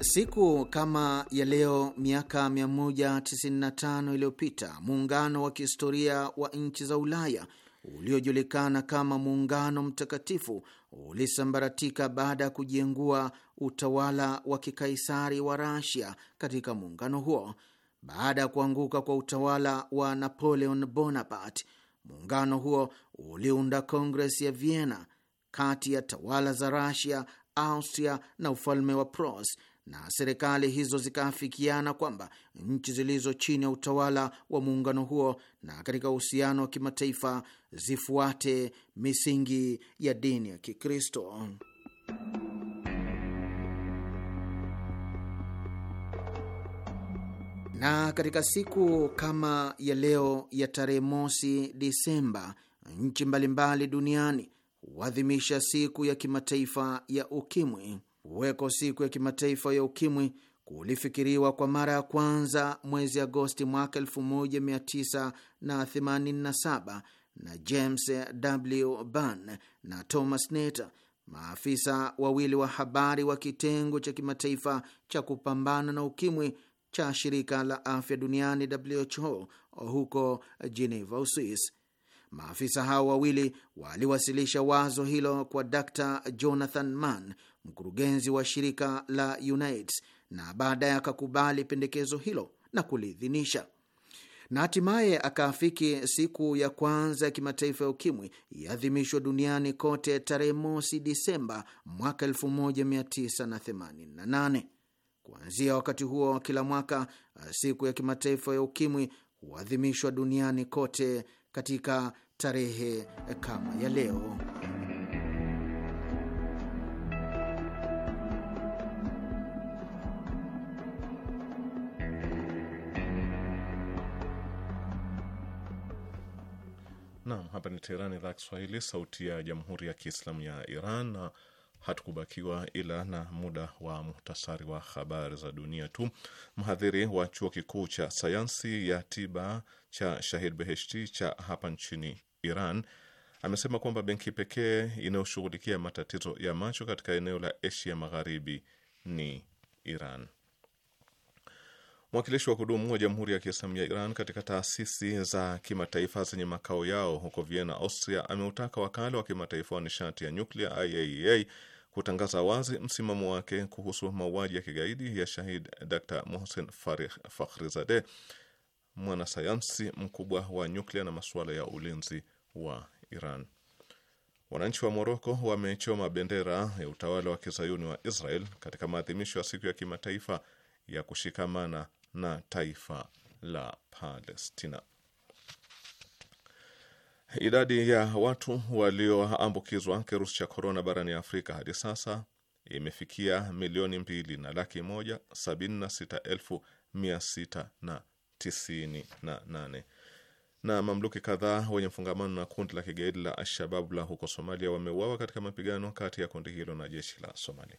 Siku kama ya leo miaka 195 iliyopita muungano wa kihistoria wa nchi za Ulaya uliojulikana kama Muungano Mtakatifu ulisambaratika baada ya kujiengua utawala wa kikaisari wa Rasia katika muungano huo. Baada ya kuanguka kwa utawala wa Napoleon Bonaparte, muungano huo uliunda Kongres ya Vienna kati ya tawala za Rasia, Austria na ufalme wa Pros na serikali hizo zikaafikiana kwamba nchi zilizo chini ya utawala wa muungano huo na katika uhusiano wa kimataifa zifuate misingi ya dini ya Kikristo. Na katika siku kama ya leo ya tarehe mosi Disemba, nchi mbalimbali duniani huadhimisha siku ya kimataifa ya Ukimwi kuweko siku ya kimataifa ya ukimwi kulifikiriwa kwa mara ya kwanza mwezi Agosti mwaka 1987 na James W. Ban na Thomas nater maafisa wawili wa habari wa kitengo cha kimataifa cha kupambana na ukimwi cha shirika la afya duniani WHO huko Geneva, Uswis. Maafisa hao wawili waliwasilisha wazo hilo kwa Dr Jonathan Mann, mkurugenzi wa shirika la Unites, na baadaye akakubali pendekezo hilo na kuliidhinisha na hatimaye akaafiki siku ya kwanza ya kimataifa ya ukimwi iadhimishwa duniani kote tarehe mosi Disemba mwaka 1988. Kuanzia wakati huo wa kila mwaka siku ya kimataifa ya ukimwi huadhimishwa duniani kote katika tarehe kama ya leo. Hapa ni Teherani, idhaa Kiswahili, sauti ya jamhuri ya kiislamu ya Iran, na hatukubakiwa ila na muda wa muhtasari wa habari za dunia tu. Mhadhiri wa chuo kikuu cha sayansi ya tiba cha Shahid Beheshti cha hapa nchini Iran amesema kwamba benki pekee inayoshughulikia matatizo ya macho katika eneo la Asia Magharibi ni Iran. Mwakilishi wa kudumu wa Jamhuri ya Kiislamu ya Iran katika taasisi za kimataifa zenye makao yao huko Vienna, Austria, ameutaka wakala wa kimataifa wa nishati ya nyuklia IAEA e, kutangaza wazi msimamo wake kuhusu mauaji ya kigaidi ya shahid Dr Mohsen Fakhrizade, mwanasayansi mkubwa wa nyuklia na masuala ya ulinzi wa Iran. Wananchi wa Moroko wamechoma bendera ya utawala wa kizayuni wa Israel katika maadhimisho ya siku ya kimataifa ya kushikamana na taifa la Palestina. Idadi ya watu walioambukizwa kirusi cha korona barani Afrika hadi sasa imefikia milioni mbili na laki moja sabini na sita elfu mia sita na tisini na nane na mamluki kadhaa wenye mfungamano na kundi la kigaidi la Alshababu la huko Somalia wameuawa katika mapigano kati ya kundi hilo na jeshi la Somalia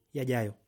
yajayo.